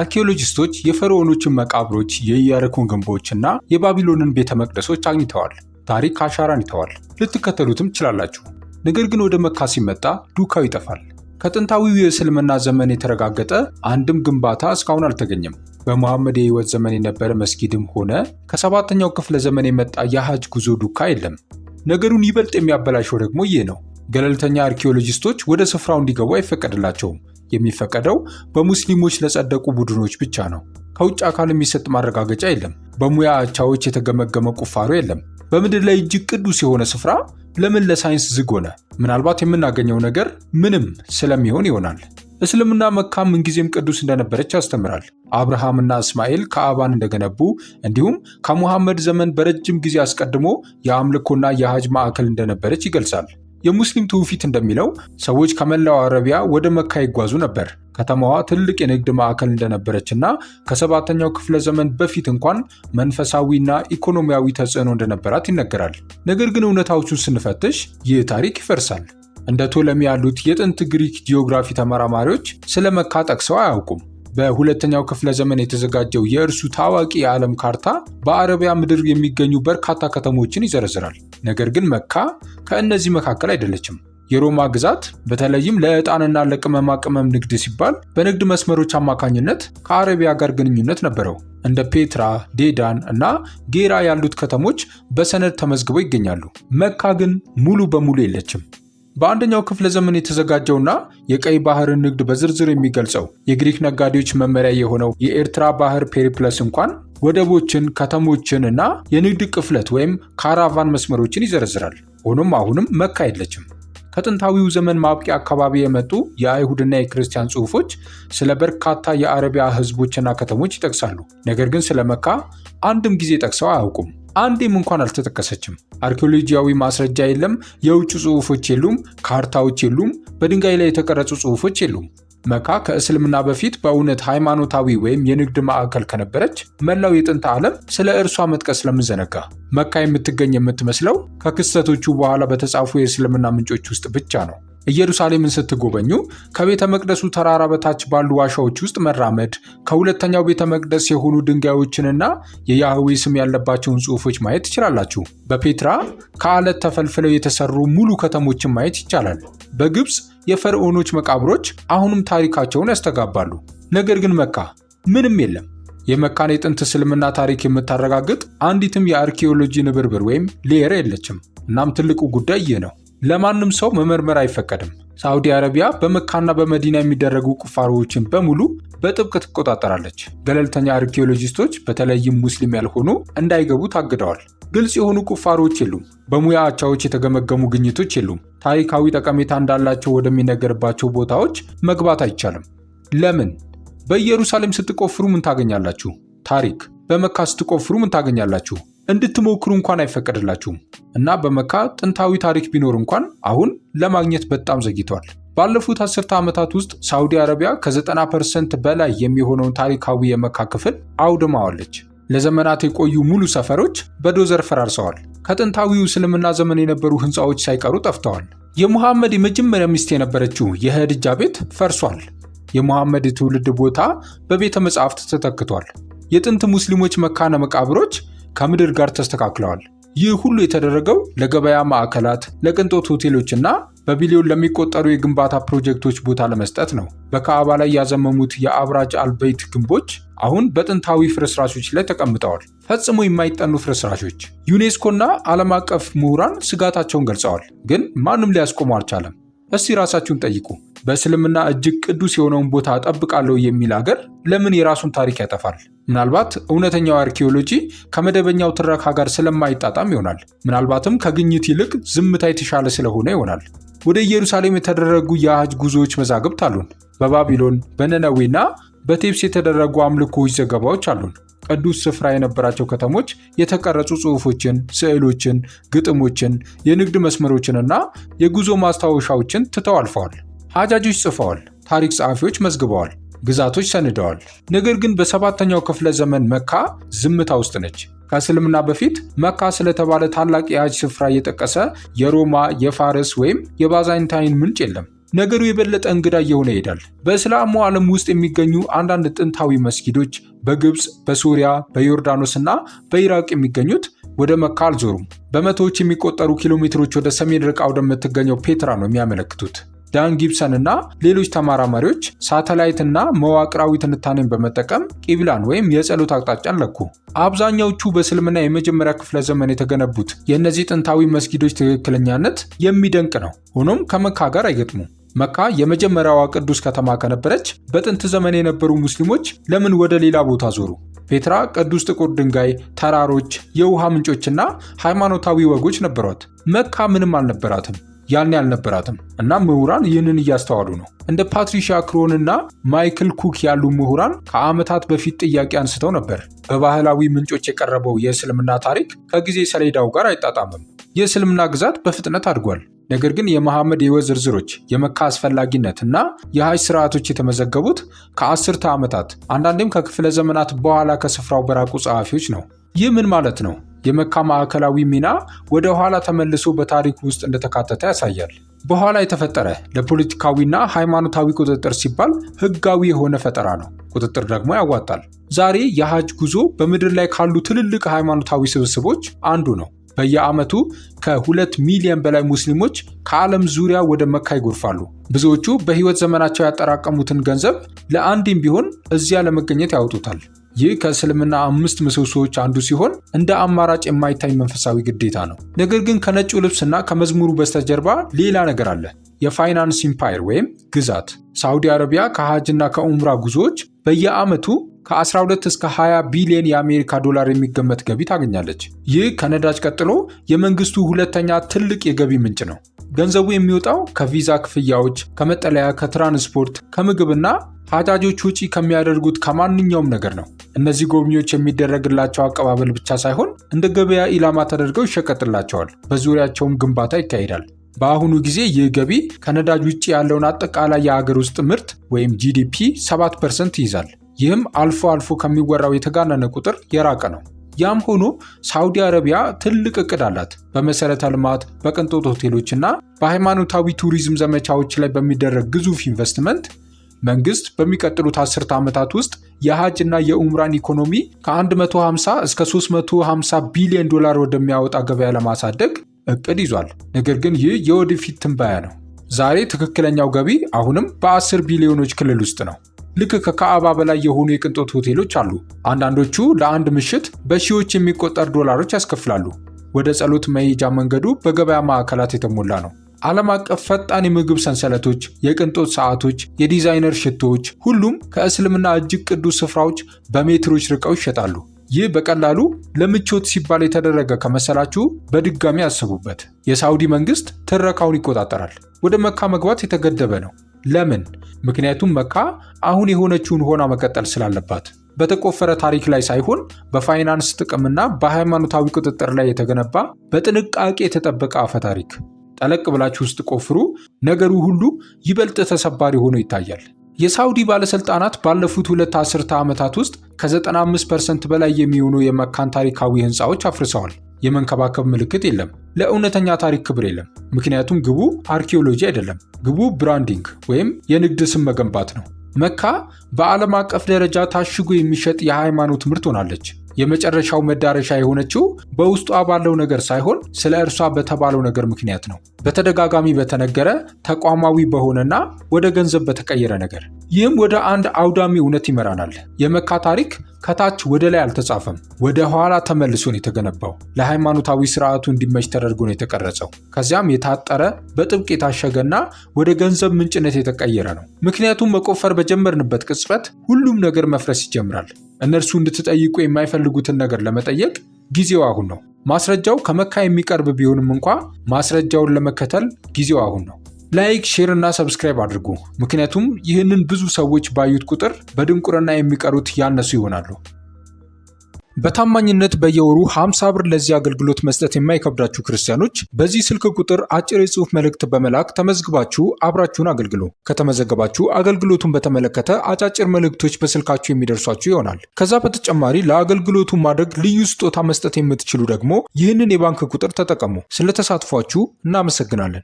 አርኪኦሎጂስቶች የፈርዖኖችን መቃብሮች፣ የኢያሪኮን እና የባቢሎንን ቤተ መቅደሶች አግኝተዋል። ታሪክ አሻራን ይተዋል፣ ልትከተሉትም ትችላላችሁ። ነገር ግን ወደ መካ ሲመጣ ዱካው ይጠፋል። ከጥንታዊው የእስልምና ዘመን የተረጋገጠ አንድም ግንባታ እስካሁን አልተገኘም። በመሐመድ የህይወት ዘመን የነበረ መስጊድም ሆነ ከሰባተኛው ክፍለ ዘመን የመጣ የሐጅ ጉዞ ዱካ የለም። ነገሩን ይበልጥ የሚያበላሸው ደግሞ ይህ ነው። ገለልተኛ አርኪኦሎጂስቶች ወደ ስፍራው እንዲገቡ አይፈቀድላቸውም። የሚፈቀደው በሙስሊሞች ለጸደቁ ቡድኖች ብቻ ነው። ከውጭ አካል የሚሰጥ ማረጋገጫ የለም። በሙያ አቻዎች የተገመገመ ቁፋሮ የለም። በምድር ላይ እጅግ ቅዱስ የሆነ ስፍራ ለምን ለሳይንስ ዝግ ሆነ? ምናልባት የምናገኘው ነገር ምንም ስለሚሆን ይሆናል። እስልምና መካ ምንጊዜም ቅዱስ እንደነበረች ያስተምራል። አብርሃምና እስማኤል ከአባን እንደገነቡ እንዲሁም ከሙሐመድ ዘመን በረጅም ጊዜ አስቀድሞ የአምልኮና የሐጅ ማዕከል እንደነበረች ይገልጻል። የሙስሊም ትውፊት እንደሚለው ሰዎች ከመላው አረቢያ ወደ መካ ይጓዙ ነበር። ከተማዋ ትልቅ የንግድ ማዕከል እንደነበረችና ከሰባተኛው ክፍለ ዘመን በፊት እንኳን መንፈሳዊና ኢኮኖሚያዊ ተጽዕኖ እንደነበራት ይነገራል። ነገር ግን እውነታዎቹን ስንፈትሽ ይህ ታሪክ ይፈርሳል። እንደ ቶለሚ ያሉት የጥንት ግሪክ ጂኦግራፊ ተመራማሪዎች ስለ መካ ጠቅሰው አያውቁም። በሁለተኛው ክፍለ ዘመን የተዘጋጀው የእርሱ ታዋቂ የዓለም ካርታ በአረቢያ ምድር የሚገኙ በርካታ ከተሞችን ይዘረዝራል። ነገር ግን መካ ከእነዚህ መካከል አይደለችም። የሮማ ግዛት በተለይም ለዕጣንና ለቅመማ ቅመም ንግድ ሲባል በንግድ መስመሮች አማካኝነት ከአረቢያ ጋር ግንኙነት ነበረው። እንደ ፔትራ፣ ዴዳን እና ጌራ ያሉት ከተሞች በሰነድ ተመዝግበው ይገኛሉ። መካ ግን ሙሉ በሙሉ የለችም። በአንደኛው ክፍለ ዘመን የተዘጋጀውና የቀይ ባህርን ንግድ በዝርዝር የሚገልጸው የግሪክ ነጋዴዎች መመሪያ የሆነው የኤርትራ ባህር ፔሪፕለስ እንኳን ወደቦችን፣ ከተሞችን እና የንግድ ቅፍለት ወይም ካራቫን መስመሮችን ይዘረዝራል። ሆኖም አሁንም መካ የለችም። ከጥንታዊው ዘመን ማብቂያ አካባቢ የመጡ የአይሁድና የክርስቲያን ጽሑፎች ስለ በርካታ የአረቢያ ህዝቦችና ከተሞች ይጠቅሳሉ። ነገር ግን ስለ መካ አንድም ጊዜ ጠቅሰው አያውቁም። አንዴም እንኳን አልተጠቀሰችም። አርኪኦሎጂያዊ ማስረጃ የለም፣ የውጭ ጽሑፎች የሉም፣ ካርታዎች የሉም፣ በድንጋይ ላይ የተቀረጹ ጽሑፎች የሉም። መካ ከእስልምና በፊት በእውነት ሃይማኖታዊ ወይም የንግድ ማዕከል ከነበረች መላው የጥንት ዓለም ስለ እርሷ መጥቀስ ለምንዘነጋ? መካ የምትገኝ የምትመስለው ከክስተቶቹ በኋላ በተጻፉ የእስልምና ምንጮች ውስጥ ብቻ ነው። ኢየሩሳሌምን ስትጎበኙ ከቤተ መቅደሱ ተራራ በታች ባሉ ዋሻዎች ውስጥ መራመድ፣ ከሁለተኛው ቤተ መቅደስ የሆኑ ድንጋዮችንና የያህዌ ስም ያለባቸውን ጽሑፎች ማየት ትችላላችሁ። በፔትራ ከአለት ተፈልፍለው የተሰሩ ሙሉ ከተሞችን ማየት ይቻላል። በግብፅ የፈርዖኖች መቃብሮች አሁንም ታሪካቸውን ያስተጋባሉ። ነገር ግን መካ ምንም የለም። የመካን የጥንት እስልምና ታሪክ የምታረጋግጥ አንዲትም የአርኪኦሎጂ ንብርብር ወይም ሌየር የለችም። እናም ትልቁ ጉዳይ ይህ ነው። ለማንም ሰው መመርመር አይፈቀድም። ሳዑዲ አረቢያ በመካና በመዲና የሚደረጉ ቁፋሮዎችን በሙሉ በጥብቅ ትቆጣጠራለች። ገለልተኛ አርኪኦሎጂስቶች በተለይም ሙስሊም ያልሆኑ እንዳይገቡ ታግደዋል። ግልጽ የሆኑ ቁፋሮዎች የሉም። በሙያ አቻዎች የተገመገሙ ግኝቶች የሉም። ታሪካዊ ጠቀሜታ እንዳላቸው ወደሚነገርባቸው ቦታዎች መግባት አይቻልም። ለምን? በኢየሩሳሌም ስትቆፍሩ ምን ታገኛላችሁ? ታሪክ። በመካ ስትቆፍሩ ምን ታገኛላችሁ? እንድትሞክሩ እንኳን አይፈቀድላችሁም እና በመካ ጥንታዊ ታሪክ ቢኖር እንኳን አሁን ለማግኘት በጣም ዘግይቷል። ባለፉት አስርተ ዓመታት ውስጥ ሳዑዲ አረቢያ ከ90 ፐርሰንት በላይ የሚሆነውን ታሪካዊ የመካ ክፍል አውድማዋለች። ለዘመናት የቆዩ ሙሉ ሰፈሮች በዶዘር ፈራርሰዋል። ከጥንታዊው እስልምና ዘመን የነበሩ ህንፃዎች ሳይቀሩ ጠፍተዋል። የሙሐመድ የመጀመሪያ ሚስት የነበረችው የህድጃ ቤት ፈርሷል። የሙሐመድ ትውልድ ቦታ በቤተ መጻሕፍት ተተክቷል። የጥንት ሙስሊሞች መካነ መቃብሮች ከምድር ጋር ተስተካክለዋል። ይህ ሁሉ የተደረገው ለገበያ ማዕከላት፣ ለቅንጦት ሆቴሎች እና በቢሊዮን ለሚቆጠሩ የግንባታ ፕሮጀክቶች ቦታ ለመስጠት ነው። በካዕባ ላይ ያዘመሙት የአብራጅ አልበይት ግንቦች አሁን በጥንታዊ ፍርስራሾች ላይ ተቀምጠዋል። ፈጽሞ የማይጠኑ ፍርስራሾች። ዩኔስኮና ዓለም አቀፍ ምሁራን ስጋታቸውን ገልጸዋል፣ ግን ማንም ሊያስቆሙ አልቻለም። እስቲ ራሳችሁን ጠይቁ። በእስልምና እጅግ ቅዱስ የሆነውን ቦታ እጠብቃለሁ የሚል አገር ለምን የራሱን ታሪክ ያጠፋል? ምናልባት እውነተኛው አርኪኦሎጂ ከመደበኛው ትረካ ጋር ስለማይጣጣም ይሆናል። ምናልባትም ከግኝት ይልቅ ዝምታ የተሻለ ስለሆነ ይሆናል። ወደ ኢየሩሳሌም የተደረጉ የአህጅ ጉዞዎች መዛግብት አሉን። በባቢሎን በነነዌና በቴፕስ የተደረጉ አምልኮዎች ዘገባዎች አሉን። ቅዱስ ስፍራ የነበራቸው ከተሞች የተቀረጹ ጽሑፎችን፣ ስዕሎችን፣ ግጥሞችን፣ የንግድ መስመሮችንና የጉዞ ማስታወሻዎችን ትተው አልፈዋል። አጃጆች ጽፈዋል፣ ታሪክ ጸሐፊዎች መዝግበዋል፣ ግዛቶች ሰንደዋል። ነገር ግን በሰባተኛው ክፍለ ዘመን መካ ዝምታ ውስጥ ነች። ከእስልምና በፊት መካ ስለተባለ ታላቅ የሀጅ ስፍራ እየጠቀሰ የሮማ የፋርስ ወይም የባዛይንታይን ምንጭ የለም። ነገሩ የበለጠ እንግዳ እየሆነ ይሄዳል። በእስላሙ ዓለም ውስጥ የሚገኙ አንዳንድ ጥንታዊ መስጊዶች በግብፅ፣ በሱሪያ፣ በዮርዳኖስ እና በኢራቅ የሚገኙት ወደ መካ አልዞሩም። በመቶዎች የሚቆጠሩ ኪሎ ሜትሮች ወደ ሰሜን ርቃ ወደምትገኘው ፔትራ ነው የሚያመለክቱት። ዳን ጊብሰን እና ሌሎች ተመራማሪዎች እና መዋቅራዊ ትንታኔን በመጠቀም ቂብላን ወይም የጸሎት አቅጣጫን ለኩ። አብዛኛዎቹ በእስልምና የመጀመሪያ ክፍለ ዘመን የተገነቡት የእነዚህ ጥንታዊ መስጊዶች ትክክለኛነት የሚደንቅ ነው። ሆኖም ከመካ ጋር አይገጥሙም። መካ የመጀመሪያዋ ቅዱስ ከተማ ከነበረች በጥንት ዘመን የነበሩ ሙስሊሞች ለምን ወደ ሌላ ቦታ ዞሩ? ፔትራ ቅዱስ ጥቁር ድንጋይ፣ ተራሮች፣ የውሃ ምንጮችና ሃይማኖታዊ ወጎች ነበሯት። መካ ምንም አልነበራትም። ያን ያልነበራትም እና ምሁራን ይህንን እያስተዋሉ ነው። እንደ ፓትሪሻ ክሮን እና ማይክል ኩክ ያሉ ምሁራን ከዓመታት በፊት ጥያቄ አንስተው ነበር። በባህላዊ ምንጮች የቀረበው የእስልምና ታሪክ ከጊዜ ሰሌዳው ጋር አይጣጣምም። የእስልምና ግዛት በፍጥነት አድጓል። ነገር ግን የመሐመድ የወ ዝርዝሮች፣ የመካ አስፈላጊነት እና የሀጅ ስርዓቶች የተመዘገቡት ከአስርተ ዓመታት አንዳንዴም ከክፍለ ዘመናት በኋላ ከስፍራው በራቁ ጸሐፊዎች ነው። ይህ ምን ማለት ነው? የመካ ማዕከላዊ ሚና ወደ ኋላ ተመልሶ በታሪክ ውስጥ እንደተካተተ ያሳያል። በኋላ የተፈጠረ ለፖለቲካዊና ሃይማኖታዊ ቁጥጥር ሲባል ህጋዊ የሆነ ፈጠራ ነው። ቁጥጥር ደግሞ ያዋጣል። ዛሬ የሐጅ ጉዞ በምድር ላይ ካሉ ትልልቅ ሃይማኖታዊ ስብስቦች አንዱ ነው። በየዓመቱ ከሁለት ሚሊዮን በላይ ሙስሊሞች ከዓለም ዙሪያ ወደ መካ ይጎርፋሉ። ብዙዎቹ በህይወት ዘመናቸው ያጠራቀሙትን ገንዘብ ለአንድም ቢሆን እዚያ ለመገኘት ያወጡታል። ይህ ከእስልምና አምስት ምሰሶዎች አንዱ ሲሆን እንደ አማራጭ የማይታይ መንፈሳዊ ግዴታ ነው። ነገር ግን ከነጩ ልብስና ከመዝሙሩ በስተጀርባ ሌላ ነገር አለ። የፋይናንስ ኢምፓየር ወይም ግዛት። ሳዑዲ አረቢያ ከሐጅና ከኡምራ ጉዞዎች በየዓመቱ ከ12 እስከ 20 ቢሊዮን የአሜሪካ ዶላር የሚገመት ገቢ ታገኛለች። ይህ ከነዳጅ ቀጥሎ የመንግስቱ ሁለተኛ ትልቅ የገቢ ምንጭ ነው። ገንዘቡ የሚወጣው ከቪዛ ክፍያዎች፣ ከመጠለያ፣ ከትራንስፖርት፣ ከምግብና ሀጃጆች ውጪ ከሚያደርጉት ከማንኛውም ነገር ነው። እነዚህ ጎብኚዎች የሚደረግላቸው አቀባበል ብቻ ሳይሆን እንደ ገበያ ኢላማ ተደርገው ይሸቀጥላቸዋል። በዙሪያቸውም ግንባታ ይካሄዳል። በአሁኑ ጊዜ ይህ ገቢ ከነዳጅ ውጭ ያለውን አጠቃላይ የአገር ውስጥ ምርት ወይም ጂዲፒ 7 ፐርሰንት ይይዛል። ይህም አልፎ አልፎ ከሚወራው የተጋነነ ቁጥር የራቀ ነው። ያም ሆኖ ሳውዲ አረቢያ ትልቅ እቅድ አላት። በመሰረተ ልማት፣ በቅንጦት ሆቴሎች እና በሃይማኖታዊ ቱሪዝም ዘመቻዎች ላይ በሚደረግ ግዙፍ ኢንቨስትመንት መንግስት በሚቀጥሉት አስርተ ዓመታት ውስጥ የሀጅ እና የኡምራን ኢኮኖሚ ከ150 እስከ 350 ቢሊዮን ዶላር ወደሚያወጣ ገበያ ለማሳደግ እቅድ ይዟል። ነገር ግን ይህ የወደፊት ትንበያ ነው። ዛሬ ትክክለኛው ገቢ አሁንም በአስር ቢሊዮኖች ክልል ውስጥ ነው። ልክ ከካዕባ በላይ የሆኑ የቅንጦት ሆቴሎች አሉ። አንዳንዶቹ ለአንድ ምሽት በሺዎች የሚቆጠር ዶላሮች ያስከፍላሉ። ወደ ጸሎት መሄጃ መንገዱ በገበያ ማዕከላት የተሞላ ነው። ዓለም አቀፍ ፈጣን የምግብ ሰንሰለቶች፣ የቅንጦት ሰዓቶች፣ የዲዛይነር ሽቶዎች፣ ሁሉም ከእስልምና እጅግ ቅዱስ ስፍራዎች በሜትሮች ርቀው ይሸጣሉ። ይህ በቀላሉ ለምቾት ሲባል የተደረገ ከመሰላችሁ በድጋሚ አስቡበት። የሳውዲ መንግስት ትረካውን ይቆጣጠራል። ወደ መካ መግባት የተገደበ ነው። ለምን? ምክንያቱም መካ አሁን የሆነችውን ሆና መቀጠል ስላለባት በተቆፈረ ታሪክ ላይ ሳይሆን በፋይናንስ ጥቅምና በሃይማኖታዊ ቁጥጥር ላይ የተገነባ በጥንቃቄ የተጠበቀ አፈ ታሪክ። ጠለቅ ብላችሁ ውስጥ ቆፍሩ፣ ነገሩ ሁሉ ይበልጥ ተሰባሪ ሆኖ ይታያል። የሳውዲ ባለሥልጣናት ባለፉት ሁለት አስርተ ዓመታት ውስጥ ከ95 ፐርሰንት በላይ የሚሆኑ የመካን ታሪካዊ ህንፃዎች አፍርሰዋል። የመንከባከብ ምልክት የለም። ለእውነተኛ ታሪክ ክብር የለም። ምክንያቱም ግቡ አርኪኦሎጂ አይደለም። ግቡ ብራንዲንግ ወይም የንግድ ስም መገንባት ነው። መካ በዓለም አቀፍ ደረጃ ታሽጎ የሚሸጥ የሃይማኖት ምርት ሆናለች። የመጨረሻው መዳረሻ የሆነችው በውስጧ ባለው ነገር ሳይሆን ስለ እርሷ በተባለው ነገር ምክንያት ነው። በተደጋጋሚ በተነገረ ተቋማዊ በሆነና ወደ ገንዘብ በተቀየረ ነገር። ይህም ወደ አንድ አውዳሚ እውነት ይመራናል። የመካ ታሪክ ከታች ወደ ላይ አልተጻፈም፣ ወደ ኋላ ተመልሶ ነው የተገነባው። ለሃይማኖታዊ ስርዓቱ እንዲመች ተደርጎ ነው የተቀረጸው። ከዚያም የታጠረ በጥብቅ የታሸገና ወደ ገንዘብ ምንጭነት የተቀየረ ነው። ምክንያቱም መቆፈር በጀመርንበት ቅጽበት ሁሉም ነገር መፍረስ ይጀምራል። እነርሱ እንድትጠይቁ የማይፈልጉትን ነገር ለመጠየቅ ጊዜው አሁን ነው። ማስረጃው ከመካ የሚቀርብ ቢሆንም እንኳ ማስረጃውን ለመከተል ጊዜው አሁን ነው። ላይክ፣ ሼር እና ሰብስክራይብ አድርጉ። ምክንያቱም ይህንን ብዙ ሰዎች ባዩት ቁጥር በድንቁርና የሚቀሩት ያነሱ ይሆናሉ። በታማኝነት በየወሩ 50 ብር ለዚህ አገልግሎት መስጠት የማይከብዳችሁ ክርስቲያኖች በዚህ ስልክ ቁጥር አጭር የጽሑፍ መልእክት በመላክ ተመዝግባችሁ አብራችሁን አገልግሉ። ከተመዘገባችሁ አገልግሎቱን በተመለከተ አጫጭር መልእክቶች በስልካችሁ የሚደርሷችሁ ይሆናል። ከዛ በተጨማሪ ለአገልግሎቱ ማድረግ ልዩ ስጦታ መስጠት የምትችሉ ደግሞ ይህንን የባንክ ቁጥር ተጠቀሙ። ስለተሳትፏችሁ እናመሰግናለን።